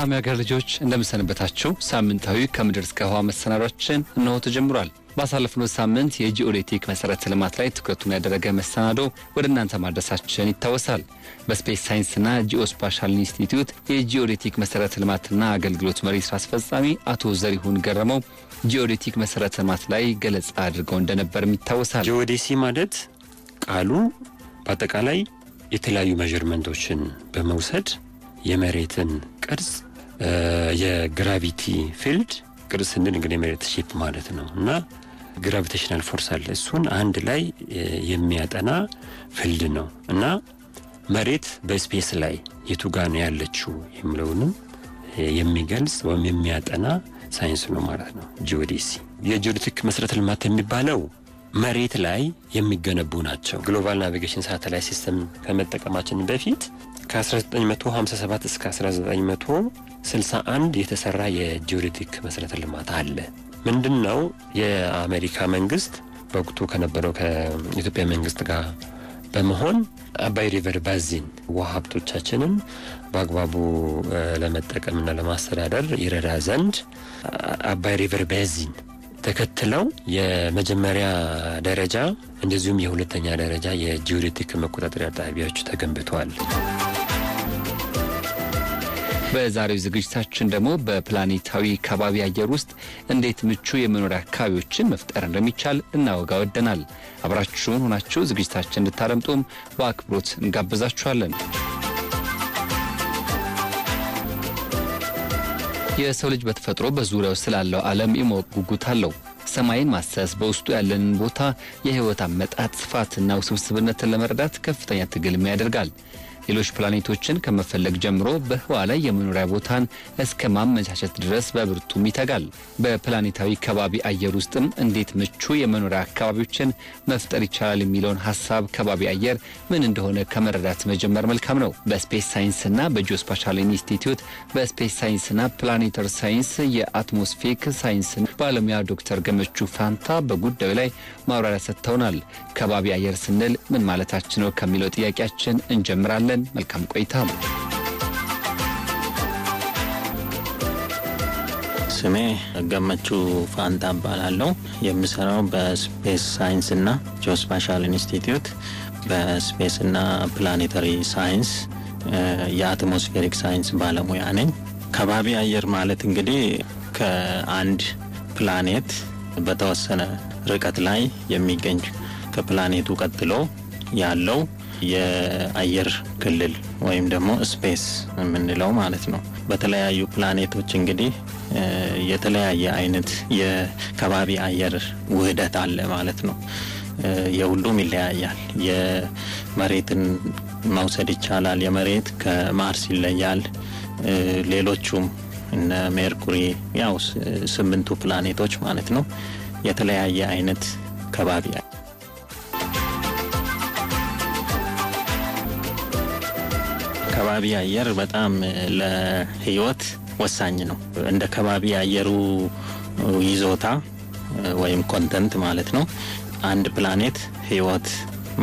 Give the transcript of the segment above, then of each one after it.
ሰላም ያገር ልጆች እንደምሰንበታችሁ። ሳምንታዊ ከምድር እስከ ህዋ መሰናዷችን እነሆ ተጀምሯል። ባሳለፍነው ሳምንት የጂኦዴቲክ መሰረተ ልማት ላይ ትኩረቱን ያደረገ መሰናዶ ወደ እናንተ ማድረሳችን ይታወሳል። በስፔስ ሳይንስና ጂኦስፓሻል ኢንስቲትዩት የጂኦዴቲክ መሰረተ ልማትና አገልግሎት መሪ ስራ አስፈጻሚ አቶ ዘሪሁን ገረመው ጂኦዴቲክ መሰረተ ልማት ላይ ገለጻ አድርገው እንደነበርም ይታወሳል። ጂኦዴሲ ማለት ቃሉ በአጠቃላይ የተለያዩ መዥርመንቶችን በመውሰድ የመሬትን ቅርጽ የግራቪቲ ፊልድ ቅርጽ ስንል እንግዲህ የመሬት ሼፕ ማለት ነው እና ግራቪቴሽናል ፎርስ አለ። እሱን አንድ ላይ የሚያጠና ፊልድ ነው እና መሬት በስፔስ ላይ የቱጋ ነው ያለችው የሚለውንም የሚገልጽ ወይም የሚያጠና ሳይንስ ነው ማለት ነው። ጂኦዴሲ የጂኦዴቲክ መሰረተ ልማት የሚባለው መሬት ላይ የሚገነቡ ናቸው። ግሎባል ናቪጌሽን ሳተላይት ሲስተም ከመጠቀማችን በፊት ከ1957 እስከ 1900 61 የተሰራ የጂኦዴቲክ መሰረተ ልማት አለ። ምንድን ነው የአሜሪካ መንግስት በወቅቱ ከነበረው ከኢትዮጵያ መንግስት ጋር በመሆን አባይ ሪቨር ባዚን ውሃ ሀብቶቻችንን በአግባቡ ለመጠቀምና ለማስተዳደር ይረዳ ዘንድ አባይ ሪቨር ባዚን ተከትለው የመጀመሪያ ደረጃ እንደዚሁም የሁለተኛ ደረጃ የጂኦዴቲክ መቆጣጠሪያ ጣቢያዎች ተገንብተዋል። በዛሬው ዝግጅታችን ደግሞ በፕላኔታዊ ከባቢ አየር ውስጥ እንዴት ምቹ የመኖሪያ አካባቢዎችን መፍጠር እንደሚቻል እናወጋ ወደናል። አብራችሁን ሆናችሁ ዝግጅታችን እንድታደምጡም በአክብሮት እንጋብዛችኋለን። የሰው ልጅ በተፈጥሮ በዙሪያው ስላለው ዓለም የማወቅ ጉጉት አለው። ሰማይን ማሰስ በውስጡ ያለንን ቦታ፣ የህይወት አመጣጥ ስፋትና ውስብስብነትን ለመረዳት ከፍተኛ ትግልም ያደርጋል። ሌሎች ፕላኔቶችን ከመፈለግ ጀምሮ በህዋ ላይ የመኖሪያ ቦታን እስከ ማመቻቸት ድረስ በብርቱም ይተጋል። በፕላኔታዊ ከባቢ አየር ውስጥም እንዴት ምቹ የመኖሪያ አካባቢዎችን መፍጠር ይቻላል የሚለውን ሀሳብ ከባቢ አየር ምን እንደሆነ ከመረዳት መጀመር መልካም ነው። በስፔስ ሳይንስና በጂኦስፓሻል ኢንስቲትዩት በስፔስ ሳይንስና ፕላኔተር ሳይንስ የአትሞስፌክ ሳይንስ ባለሙያ ዶክተር ገመቹ ፋንታ በጉዳዩ ላይ ማብራሪያ ሰጥተውናል። ከባቢ አየር ስንል ምን ማለታችን ነው ከሚለው ጥያቄያችን እንጀምራለን። ቀን መልካም ቆይታ። ስሜ ገመቹ ፋንታ እባላለሁ። የምሰራው በስፔስ ሳይንስ እና ጂኦስፓሻል ኢንስቲትዩት በስፔስ እና ፕላኔታሪ ሳይንስ የአትሞስፌሪክ ሳይንስ ባለሙያ ነኝ። ከባቢ አየር ማለት እንግዲህ ከአንድ ፕላኔት በተወሰነ ርቀት ላይ የሚገኝ ከፕላኔቱ ቀጥሎ ያለው የአየር ክልል ወይም ደግሞ ስፔስ የምንለው ማለት ነው። በተለያዩ ፕላኔቶች እንግዲህ የተለያየ አይነት የከባቢ አየር ውህደት አለ ማለት ነው። የሁሉም ይለያያል። የመሬትን መውሰድ ይቻላል። የመሬት ከማርስ ይለያል። ሌሎቹም እነ ሜርኩሪ ያው ስምንቱ ፕላኔቶች ማለት ነው የተለያየ አይነት ከባቢ ከባቢ አየር በጣም ለህይወት ወሳኝ ነው። እንደ ከባቢ አየሩ ይዞታ ወይም ኮንተንት ማለት ነው አንድ ፕላኔት ህይወት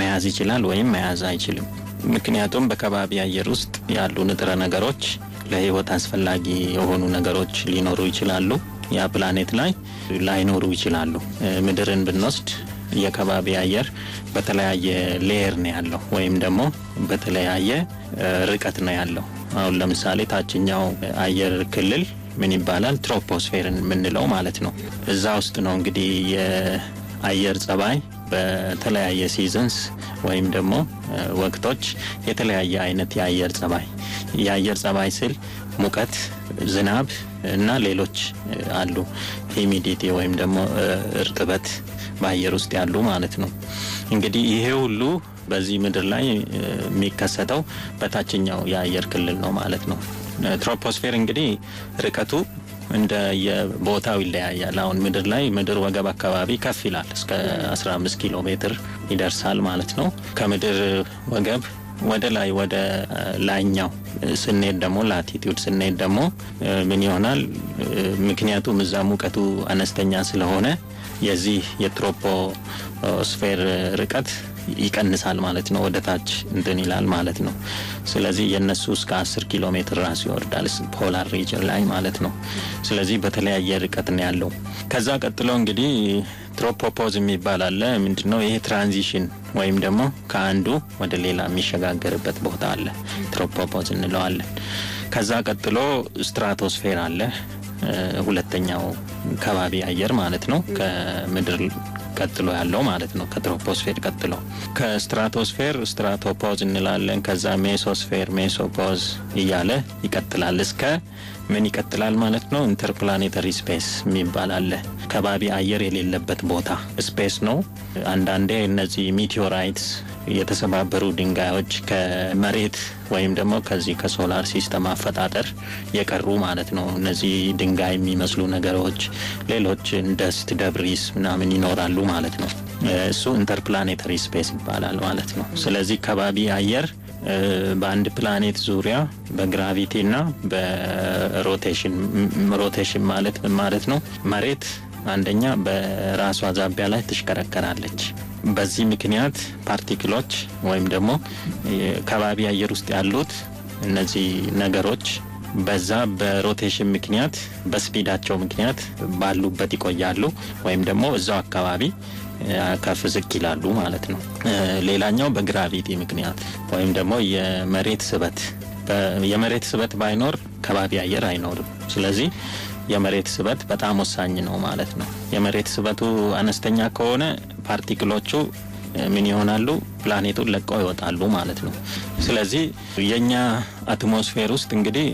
መያዝ ይችላል ወይም መያዝ አይችልም። ምክንያቱም በከባቢ አየር ውስጥ ያሉ ንጥረ ነገሮች ለህይወት አስፈላጊ የሆኑ ነገሮች ሊኖሩ ይችላሉ። ያ ፕላኔት ላይ ላይኖሩ ይችላሉ። ምድርን ብንወስድ የከባቢ አየር በተለያየ ሌየር ነው ያለው ወይም ደግሞ በተለያየ ርቀት ነው ያለው። አሁን ለምሳሌ ታችኛው አየር ክልል ምን ይባላል? ትሮፖስፌርን የምንለው ማለት ነው። እዛ ውስጥ ነው እንግዲህ የአየር ጸባይ በተለያየ ሲዘንስ ወይም ደግሞ ወቅቶች የተለያየ አይነት የአየር ጸባይ የአየር ጸባይ ስል ሙቀት፣ ዝናብ እና ሌሎች አሉ። ሂሚዲቲ ወይም ደግሞ እርጥበት በአየር ውስጥ ያሉ ማለት ነው። እንግዲህ ይሄ ሁሉ በዚህ ምድር ላይ የሚከሰተው በታችኛው የአየር ክልል ነው ማለት ነው። ትሮፖስፌር እንግዲህ ርቀቱ እንደ የቦታው ይለያያል። አሁን ምድር ላይ ምድር ወገብ አካባቢ ከፍ ይላል፣ እስከ 15 ኪሎ ሜትር ይደርሳል ማለት ነው ከምድር ወገብ ወደ ላይ ወደ ላይኛው ስንሄድ ደግሞ ላቲቲዩድ ስንሄድ ደግሞ ምን ይሆናል? ምክንያቱም እዛ ሙቀቱ አነስተኛ ስለሆነ የዚህ የትሮፖስፌር ርቀት ይቀንሳል ማለት ነው። ወደ ታች እንትን ይላል ማለት ነው። ስለዚህ የእነሱ እስከ 10 ኪሎ ሜትር ራሱ ይወርዳል ፖላር ሪጅን ላይ ማለት ነው። ስለዚህ በተለያየ ርቀት ነው ያለው። ከዛ ቀጥሎ እንግዲህ ትሮፖፖዝ የሚባል አለ። ምንድነው ይሄ ትራንዚሽን ወይም ደግሞ ከአንዱ ወደ ሌላ የሚሸጋገርበት ቦታ አለ፣ ትሮፖፖዝ እንለዋለን። ከዛ ቀጥሎ ስትራቶስፌር አለ፣ ሁለተኛው ከባቢ አየር ማለት ነው ከምድር ቀጥሎ ያለው ማለት ነው። ከትሮፖስፌር ቀጥሎ ከስትራቶስፌር ስትራቶፖዝ እንላለን። ከዛ ሜሶስፌር ሜሶፖዝ እያለ ይቀጥላል እስከ ምን ይቀጥላል ማለት ነው። ኢንተርፕላኔተሪ ስፔስ የሚባል አለ። ከባቢ አየር የሌለበት ቦታ ስፔስ ነው። አንዳንዴ እነዚህ ሚቲዮራይትስ የተሰባበሩ ድንጋዮች ከመሬት ወይም ደግሞ ከዚህ ከሶላር ሲስተም አፈጣጠር የቀሩ ማለት ነው። እነዚህ ድንጋይ የሚመስሉ ነገሮች፣ ሌሎች ደስት ደብሪስ ምናምን ይኖራሉ ማለት ነው። እሱ ኢንተርፕላኔተሪ ስፔስ ይባላል ማለት ነው። ስለዚህ ከባቢ አየር በአንድ ፕላኔት ዙሪያ በግራቪቲ በሮቴሽን ሮቴሽን ማለት ማለት ነው መሬት አንደኛ በራሷ ዛቢያ ላይ ትሽከረከራለች። በዚህ ምክንያት ፓርቲክሎች ወይም ደግሞ ከባቢ አየር ውስጥ ያሉት እነዚህ ነገሮች በዛ በሮቴሽን ምክንያት በስፒዳቸው ምክንያት ባሉበት ይቆያሉ ወይም ደግሞ እዛው አካባቢ ከፍ ዝቅ ይላሉ ማለት ነው። ሌላኛው በግራቪቲ ምክንያት ወይም ደግሞ የመሬት ስበት የመሬት ስበት ባይኖር ከባቢ አየር አይኖርም። ስለዚህ የመሬት ስበት በጣም ወሳኝ ነው ማለት ነው። የመሬት ስበቱ አነስተኛ ከሆነ ፓርቲክሎቹ ምን ይሆናሉ? ፕላኔቱን ለቀው ይወጣሉ ማለት ነው። ስለዚህ የእኛ አትሞስፌር ውስጥ እንግዲህ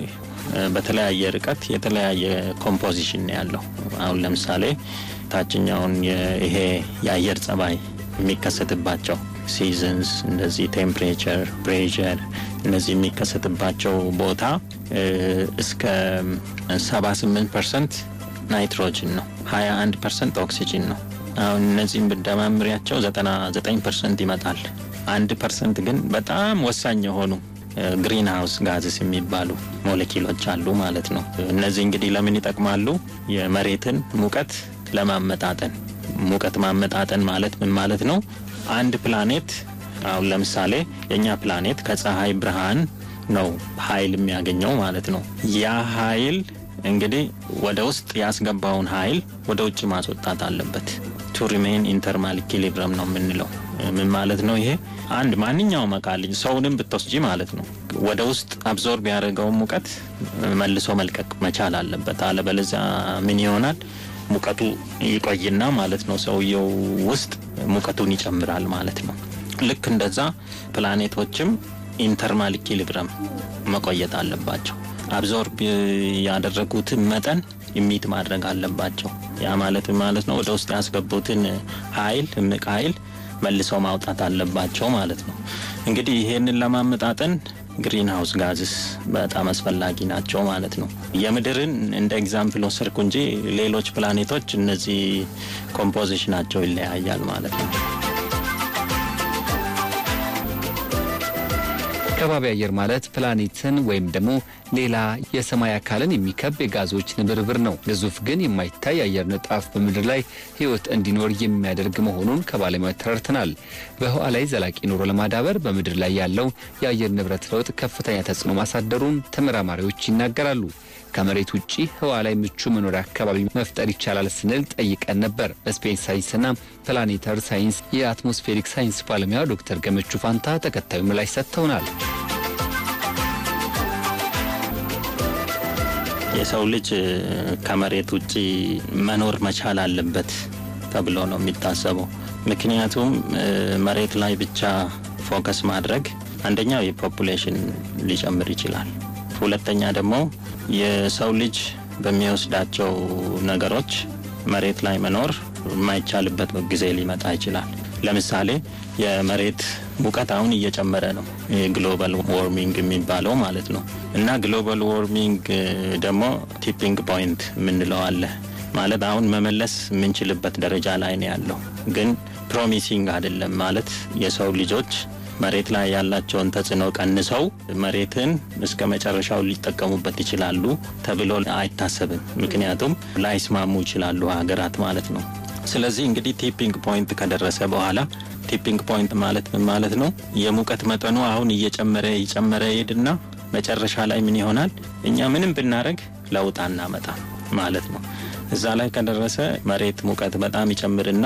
በተለያየ ርቀት የተለያየ ኮምፖዚሽን ያለው አሁን ለምሳሌ ታችኛውን ይሄ የአየር ጸባይ የሚከሰትባቸው ሲዝንስ እንደዚህ ቴምፕሬቸር፣ ፕሬር እነዚህ የሚከሰትባቸው ቦታ እስከ 78 ፐርሰንት ናይትሮጅን ነው፣ 21 ፐርሰንት ኦክሲጅን ነው። አሁን እነዚህም ብደማምሪያቸው 99 ፐርሰንት ይመጣል። አንድ ፐርሰንት ግን በጣም ወሳኝ የሆኑ ግሪን ሀውስ ጋዝስ የሚባሉ ሞለኪሎች አሉ ማለት ነው። እነዚህ እንግዲህ ለምን ይጠቅማሉ? የመሬትን ሙቀት ለማመጣጠን ሙቀት ማመጣጠን ማለት ምን ማለት ነው? አንድ ፕላኔት አሁን ለምሳሌ የእኛ ፕላኔት ከፀሐይ ብርሃን ነው ኃይል የሚያገኘው ማለት ነው። ያ ኃይል እንግዲህ ወደ ውስጥ ያስገባውን ኃይል ወደ ውጭ ማስወጣት አለበት። ቱ ሪሜን ኢንተርማል ኢኪሊብረም ነው የምንለው። ምን ማለት ነው ይሄ? አንድ ማንኛውም ልጅ ሰውንም ብትወስጂ ማለት ነው ወደ ውስጥ አብዞርብ ያደረገውን ሙቀት መልሶ መልቀቅ መቻል አለበት። አለበለዚያ ምን ይሆናል? ሙቀቱ ይቆይና ማለት ነው ሰውየው ውስጥ ሙቀቱን ይጨምራል ማለት ነው። ልክ እንደዛ ፕላኔቶችም ኢንተርማል ኢኪሊብረም መቆየት አለባቸው። አብዞርብ ያደረጉትን መጠን ሚት ማድረግ አለባቸው። ያ ማለት ማለት ነው ወደ ውስጥ ያስገቡትን ኃይል እምቅ ኃይል መልሶ ማውጣት አለባቸው ማለት ነው። እንግዲህ ይሄንን ለማመጣጠን ግሪንሃውስ ጋዝስ በጣም አስፈላጊ ናቸው ማለት ነው። የምድርን እንደ ኤግዛምፕል ወሰድኩ እንጂ ሌሎች ፕላኔቶች እነዚህ ኮምፖዚሽናቸው ይለያያል ማለት ነው። ከባቢ አየር ማለት ፕላኔትን ወይም ደግሞ ሌላ የሰማይ አካልን የሚከብ የጋዞች ንብርብር ነው። ግዙፍ ግን የማይታይ የአየር ንጣፍ በምድር ላይ ህይወት እንዲኖር የሚያደርግ መሆኑን ከባለሙያ ተረድተናል። በህዋ ላይ ዘላቂ ኑሮ ለማዳበር በምድር ላይ ያለው የአየር ንብረት ለውጥ ከፍተኛ ተጽዕኖ ማሳደሩን ተመራማሪዎች ይናገራሉ። ከመሬት ውጪ ህዋ ላይ ምቹ መኖሪያ አካባቢ መፍጠር ይቻላል ስንል ጠይቀን ነበር። በስፔስ ሳይንስና ፕላኔተር ሳይንስ የአትሞስፌሪክ ሳይንስ ባለሙያ ዶክተር ገመቹ ፋንታ ተከታዩ ምላሽ ሰጥተውናል። የሰው ልጅ ከመሬት ውጭ መኖር መቻል አለበት ተብሎ ነው የሚታሰበው። ምክንያቱም መሬት ላይ ብቻ ፎከስ ማድረግ አንደኛው የፖፑሌሽን ሊጨምር ይችላል። ሁለተኛ ደግሞ የሰው ልጅ በሚወስዳቸው ነገሮች መሬት ላይ መኖር የማይቻልበት ጊዜ ሊመጣ ይችላል። ለምሳሌ የመሬት ሙቀት አሁን እየጨመረ ነው፣ ግሎባል ዎርሚንግ የሚባለው ማለት ነው። እና ግሎባል ዎርሚንግ ደግሞ ቲፒንግ ፖይንት የምንለው አለ ማለት አሁን መመለስ የምንችልበት ደረጃ ላይ ነው ያለው፣ ግን ፕሮሚሲንግ አይደለም ማለት የሰው ልጆች መሬት ላይ ያላቸውን ተጽዕኖ ቀንሰው መሬትን እስከ መጨረሻው ሊጠቀሙበት ይችላሉ ተብሎ አይታሰብም። ምክንያቱም ላይስማሙ ይችላሉ ሀገራት ማለት ነው። ስለዚህ እንግዲህ ቲፒንግ ፖይንት ከደረሰ በኋላ ቲፒንግ ፖይንት ማለት ምን ማለት ነው? የሙቀት መጠኑ አሁን እየጨመረ እየጨመረ ይሄድና መጨረሻ ላይ ምን ይሆናል? እኛ ምንም ብናደረግ ለውጥ አናመጣ ማለት ነው። እዛ ላይ ከደረሰ መሬት ሙቀት በጣም ይጨምርና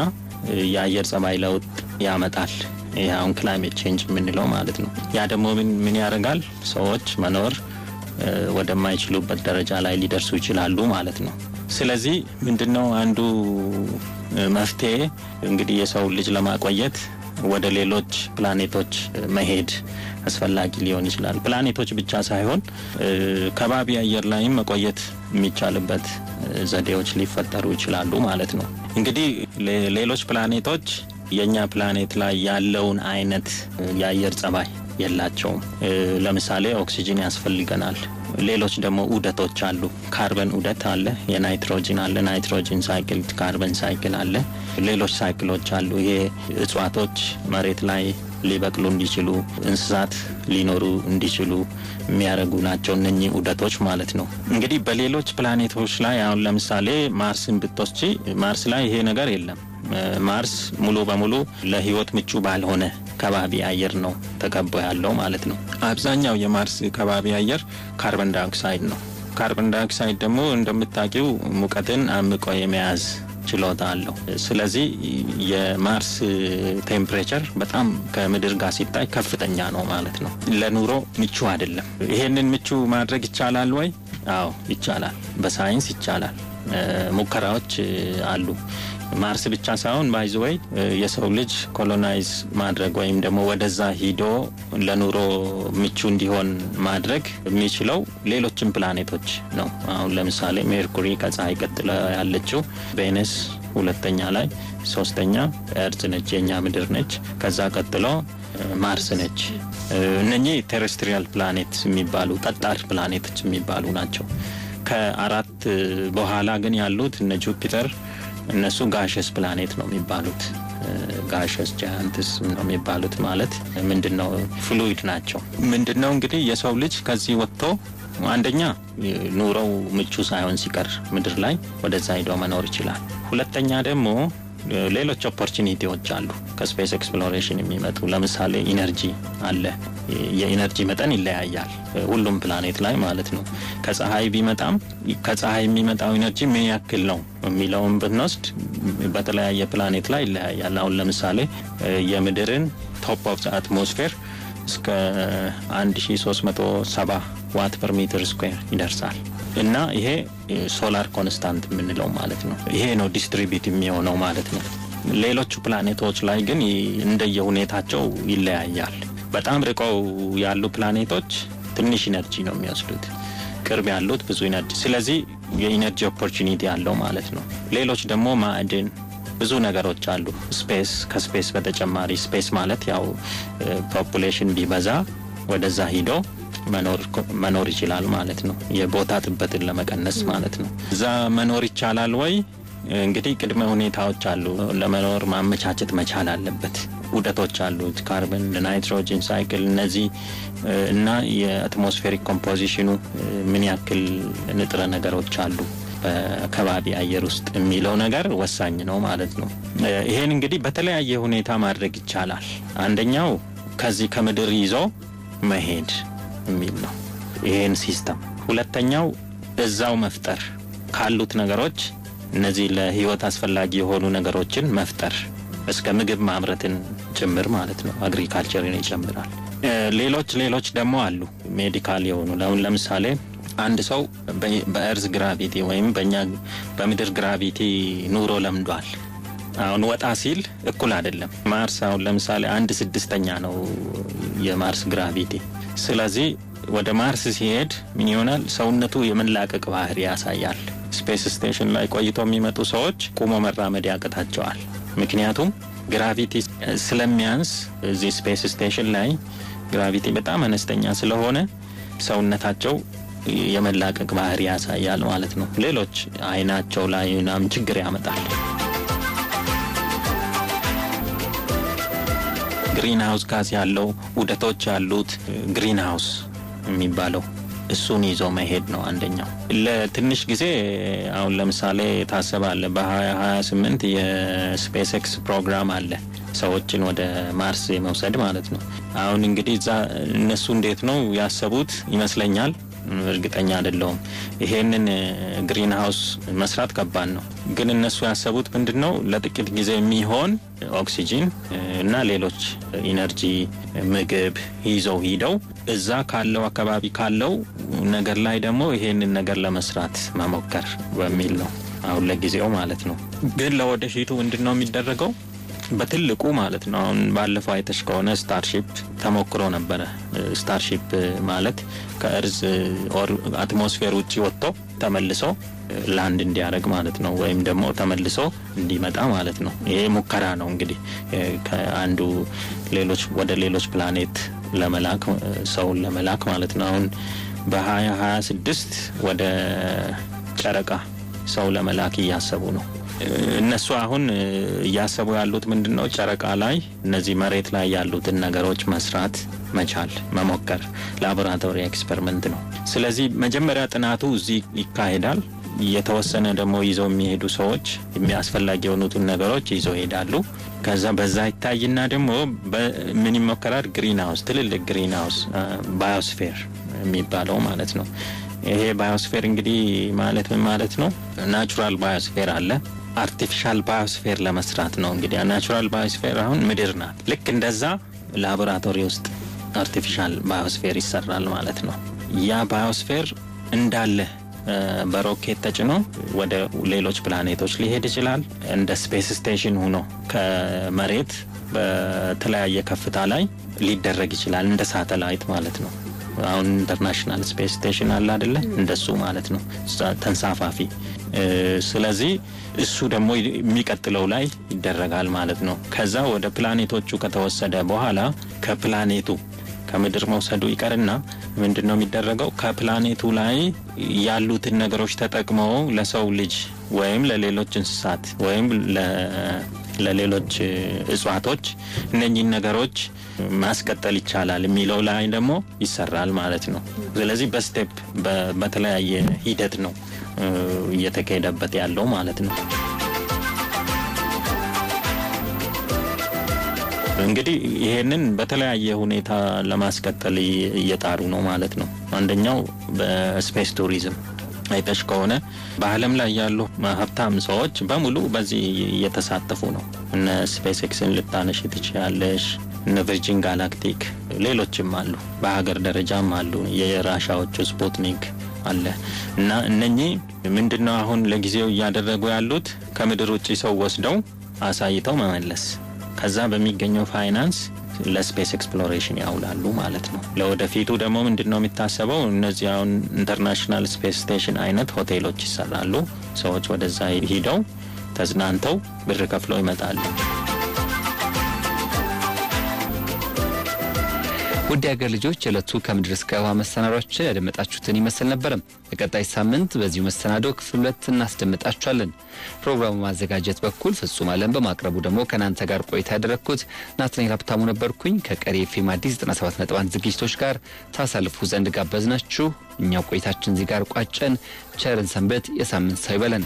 የአየር ጸባይ ለውጥ ያመጣል። ይህ አሁን ክላይሜት ቼንጅ የምንለው ማለት ነው። ያ ደግሞ ምን ያደርጋል? ሰዎች መኖር ወደማይችሉበት ደረጃ ላይ ሊደርሱ ይችላሉ ማለት ነው። ስለዚህ ምንድነው አንዱ መፍትሄ እንግዲህ የሰውን ልጅ ለማቆየት ወደ ሌሎች ፕላኔቶች መሄድ አስፈላጊ ሊሆን ይችላል። ፕላኔቶች ብቻ ሳይሆን ከባቢ አየር ላይም መቆየት የሚቻልበት ዘዴዎች ሊፈጠሩ ይችላሉ ማለት ነው። እንግዲህ ሌሎች ፕላኔቶች የእኛ ፕላኔት ላይ ያለውን አይነት የአየር ጸባይ የላቸውም። ለምሳሌ ኦክሲጅን ያስፈልገናል። ሌሎች ደግሞ ውደቶች አሉ። ካርበን ውደት አለ፣ የናይትሮጂን አለ፣ ናይትሮጂን ሳይክል፣ ካርበን ሳይክል አለ፣ ሌሎች ሳይክሎች አሉ። ይሄ እጽዋቶች መሬት ላይ ሊበቅሉ እንዲችሉ እንስሳት ሊኖሩ እንዲችሉ የሚያደርጉ ናቸው እነኚህ ውደቶች ማለት ነው። እንግዲህ በሌሎች ፕላኔቶች ላይ አሁን ለምሳሌ ማርስን ብትወስጂ ማርስ ላይ ይሄ ነገር የለም። ማርስ ሙሉ በሙሉ ለህይወት ምቹ ባልሆነ ከባቢ አየር ነው ተቀቦ ያለው ማለት ነው። አብዛኛው የማርስ ከባቢ አየር ካርበን ዳይኦክሳይድ ነው። ካርበን ዳይኦክሳይድ ደግሞ እንደምታውቂው ሙቀትን አምቆ የመያዝ ችሎታ አለው። ስለዚህ የማርስ ቴምፕሬቸር በጣም ከምድር ጋር ሲታይ ከፍተኛ ነው ማለት ነው። ለኑሮ ምቹ አይደለም። ይሄንን ምቹ ማድረግ ይቻላል ወይ? አዎ ይቻላል፣ በሳይንስ ይቻላል። ሙከራዎች አሉ። ማርስ ብቻ ሳይሆን ባይዘወይ የሰው ልጅ ኮሎናይዝ ማድረግ ወይም ደግሞ ወደዛ ሂዶ ለኑሮ ምቹ እንዲሆን ማድረግ የሚችለው ሌሎችን ፕላኔቶች ነው። አሁን ለምሳሌ ሜርኩሪ ከፀሐይ ቀጥለ ያለችው ቬነስ ሁለተኛ ላይ፣ ሶስተኛ እርዝ ነች፣ የእኛ ምድር ነች። ከዛ ቀጥሎ ማርስ ነች። እነኚህ ቴሬስትሪያል ፕላኔት የሚባሉ ጠጣር ፕላኔቶች የሚባሉ ናቸው። ከአራት በኋላ ግን ያሉት እነ ጁፒተር እነሱ ጋሸስ ፕላኔት ነው የሚባሉት። ጋሸስ ጃያንትስ ነው የሚባሉት። ማለት ምንድነው ፍሉይድ ናቸው። ምንድነው እንግዲህ የሰው ልጅ ከዚህ ወጥቶ አንደኛ ኑሮው ምቹ ሳይሆን ሲቀር ምድር ላይ ወደዛ ሂዶ መኖር ይችላል። ሁለተኛ ደግሞ ሌሎች ኦፖርቹኒቲዎች አሉ ከስፔስ ኤክስፕሎሬሽን የሚመጡ ለምሳሌ ኢነርጂ አለ የኢነርጂ መጠን ይለያያል ሁሉም ፕላኔት ላይ ማለት ነው ከፀሐይ ቢመጣም ከፀሐይ የሚመጣው ኢነርጂ ምን ያክል ነው የሚለውን ብንወስድ በተለያየ ፕላኔት ላይ ይለያያል አሁን ለምሳሌ የምድርን ቶፕ ኦፍ አትሞስፌር እስከ 1370 ዋት ፐር ሜትር ይደርሳል እና ይሄ ሶላር ኮንስታንት የምንለው ማለት ነው። ይሄ ነው ዲስትሪቢት የሚሆነው ማለት ነው። ሌሎቹ ፕላኔቶች ላይ ግን እንደየ ሁኔታቸው ይለያያል። በጣም ርቀው ያሉ ፕላኔቶች ትንሽ ኢነርጂ ነው የሚወስዱት። ቅርብ ያሉት ብዙ ኢነርጂ። ስለዚህ የኢነርጂ ኦፖርቹኒቲ ያለው ማለት ነው። ሌሎች ደግሞ ማዕድን፣ ብዙ ነገሮች አሉ። ስፔስ፣ ከስፔስ በተጨማሪ ስፔስ ማለት ያው ፖፑሌሽን ቢበዛ ወደዛ ሂዶ መኖር ይችላል ማለት ነው። የቦታ ጥበትን ለመቀነስ ማለት ነው። እዛ መኖር ይቻላል ወይ? እንግዲህ ቅድመ ሁኔታዎች አሉ። ለመኖር ማመቻቸት መቻል አለበት። ውደቶች አሉት፣ ካርበን ናይትሮጅን ሳይክል እነዚህ እና የአትሞስፌሪክ ኮምፖዚሽኑ ምን ያክል ንጥረ ነገሮች አሉ በከባቢ አየር ውስጥ የሚለው ነገር ወሳኝ ነው ማለት ነው። ይሄን እንግዲህ በተለያየ ሁኔታ ማድረግ ይቻላል። አንደኛው ከዚህ ከምድር ይዞ መሄድ የሚል ነው። ይህን ሲስተም ሁለተኛው እዛው መፍጠር ካሉት ነገሮች እነዚህ ለህይወት አስፈላጊ የሆኑ ነገሮችን መፍጠር እስከ ምግብ ማምረትን ጭምር ማለት ነው። አግሪካልቸርን ይጨምራል። ሌሎች ሌሎች ደግሞ አሉ ሜዲካል የሆኑ ለሁን ለምሳሌ አንድ ሰው በእርዝ ግራቪቲ ወይም በእኛ በምድር ግራቪቲ ኑሮ ለምዷል። አሁን ወጣ ሲል እኩል አይደለም። ማርስ አሁን ለምሳሌ አንድ ስድስተኛ ነው የማርስ ግራቪቲ ስለዚህ ወደ ማርስ ሲሄድ ምን ይሆናል? ሰውነቱ የመላቀቅ ባህሪ ያሳያል። ስፔስ ስቴሽን ላይ ቆይቶ የሚመጡ ሰዎች ቁሞ መራመድ ያቅታቸዋል። ምክንያቱም ግራቪቲ ስለሚያንስ እዚህ ስፔስ ስቴሽን ላይ ግራቪቲ በጣም አነስተኛ ስለሆነ ሰውነታቸው የመላቀቅ ባህሪ ያሳያል ማለት ነው። ሌሎች አይናቸው ላይ ምናምን ችግር ያመጣል። ግሪን ሀውስ ጋዝ ያለው ውደቶች ያሉት ግሪን ሀውስ የሚባለው እሱን ይዞ መሄድ ነው አንደኛው። ለትንሽ ጊዜ አሁን ለምሳሌ ታሰብ አለ በ2028 የስፔስ ኤክስ ፕሮግራም አለ ሰዎችን ወደ ማርስ የመውሰድ ማለት ነው። አሁን እንግዲህ እዛ እነሱ እንዴት ነው ያሰቡት ይመስለኛል እርግጠኛ አይደለሁም። ይሄንን ግሪን ሀውስ መስራት ከባድ ነው። ግን እነሱ ያሰቡት ምንድን ነው ለጥቂት ጊዜ የሚሆን ኦክሲጂን እና ሌሎች ኢነርጂ፣ ምግብ ይዘው ሂደው እዛ ካለው አካባቢ ካለው ነገር ላይ ደግሞ ይሄንን ነገር ለመስራት መሞከር በሚል ነው። አሁን ለጊዜው ማለት ነው። ግን ለወደፊቱ ምንድን ነው የሚደረገው? በትልቁ ማለት ነው። አሁን ባለፈው አይተሽ ከሆነ ስታርሺፕ ተሞክሮ ነበረ። ስታርሺፕ ማለት ከእርዝ ኦር አትሞስፌር ውጭ ወጥቶ ተመልሶ ላንድ እንዲያደርግ ማለት ነው፣ ወይም ደግሞ ተመልሶ እንዲመጣ ማለት ነው። ይሄ ሙከራ ነው እንግዲህ ከአንዱ ሌሎች ወደ ሌሎች ፕላኔት ለመላክ ሰውን ለመላክ ማለት ነው። አሁን በ2026 ወደ ጨረቃ ሰው ለመላክ እያሰቡ ነው። እነሱ አሁን እያሰቡ ያሉት ምንድን ነው? ጨረቃ ላይ እነዚህ መሬት ላይ ያሉትን ነገሮች መስራት መቻል መሞከር ላቦራቶሪ ኤክስፐሪመንት ነው። ስለዚህ መጀመሪያ ጥናቱ እዚህ ይካሄዳል። የተወሰነ ደግሞ ይዘው የሚሄዱ ሰዎች የሚያስፈላጊ የሆኑትን ነገሮች ይዘው ይሄዳሉ። ከዛ በዛ ይታይና ደግሞ ምን ይሞከራል? ግሪን ሀውስ፣ ትልልቅ ግሪን ሀውስ ባዮስፌር የሚባለው ማለት ነው። ይሄ ባዮስፌር እንግዲህ ማለት ምን ማለት ነው? ናቹራል ባዮስፌር አለ አርቲፊሻል ባዮስፌር ለመስራት ነው። እንግዲህ ናቹራል ባዮስፌር አሁን ምድር ናት። ልክ እንደዛ ላቦራቶሪ ውስጥ አርቲፊሻል ባዮስፌር ይሰራል ማለት ነው። ያ ባዮስፌር እንዳለ በሮኬት ተጭኖ ወደ ሌሎች ፕላኔቶች ሊሄድ ይችላል። እንደ ስፔስ ስቴሽን ሆኖ ከመሬት በተለያየ ከፍታ ላይ ሊደረግ ይችላል፣ እንደ ሳተላይት ማለት ነው። አሁን ኢንተርናሽናል ስፔስ ስቴሽን አለ አደለ? እንደሱ ማለት ነው ተንሳፋፊ። ስለዚህ እሱ ደግሞ የሚቀጥለው ላይ ይደረጋል ማለት ነው። ከዛ ወደ ፕላኔቶቹ ከተወሰደ በኋላ ከፕላኔቱ ከምድር መውሰዱ ይቀርና ምንድን ነው የሚደረገው? ከፕላኔቱ ላይ ያሉትን ነገሮች ተጠቅመው ለሰው ልጅ ወይም ለሌሎች እንስሳት ወይም ለሌሎች እጽዋቶች እነኚህን ነገሮች ማስቀጠል ይቻላል የሚለው ላይ ደግሞ ይሰራል ማለት ነው። ስለዚህ በስቴፕ በተለያየ ሂደት ነው እየተካሄደበት ያለው ማለት ነው። እንግዲህ ይሄንን በተለያየ ሁኔታ ለማስቀጠል እየጣሩ ነው ማለት ነው። አንደኛው በስፔስ ቱሪዝም አይተሽ ከሆነ በዓለም ላይ ያሉ ሀብታም ሰዎች በሙሉ በዚህ እየተሳተፉ ነው። እነ ስፔስ ኤክስን ልታነሽ ትችያለሽ። እነ ቨርጂን ጋላክቲክ ሌሎችም አሉ። በሀገር ደረጃም አሉ። የራሻዎቹ ስፑትኒክ አለ እና እነኚህ ምንድነው አሁን ለጊዜው እያደረጉ ያሉት ከምድር ውጭ ሰው ወስደው አሳይተው መመለስ ከዛ በሚገኘው ፋይናንስ ለስፔስ ኤክስፕሎሬሽን ያውላሉ ማለት ነው። ለወደፊቱ ደግሞ ምንድን ነው የሚታሰበው? እነዚህ አሁን ኢንተርናሽናል ስፔስ ስቴሽን አይነት ሆቴሎች ይሰራሉ። ሰዎች ወደዛ ሂደው ተዝናንተው ብር ከፍለው ይመጣሉ። ውድ ሀገር ልጆች የዕለቱ ከምድር እስከ ውሃ መሰናዷችን ያደመጣችሁትን ይመስል ነበርም። በቀጣይ ሳምንት በዚሁ መሰናዶ ክፍል ሁለት እናስደምጣችኋለን። ፕሮግራሙ ማዘጋጀት በኩል ፍጹም አለም፣ በማቅረቡ ደግሞ ከእናንተ ጋር ቆይታ ያደረግኩት ናትናኤል ሀብታሙ ነበርኩኝ። ከቀሪ ኤፌም አዲስ 97.1 ዝግጅቶች ጋር ታሳልፉ ዘንድ ጋበዝናችሁ። እኛው ቆይታችን እዚህ ጋር ቋጨን። ቸርን ሰንበት፣ የሳምንት ሰው ይበለን።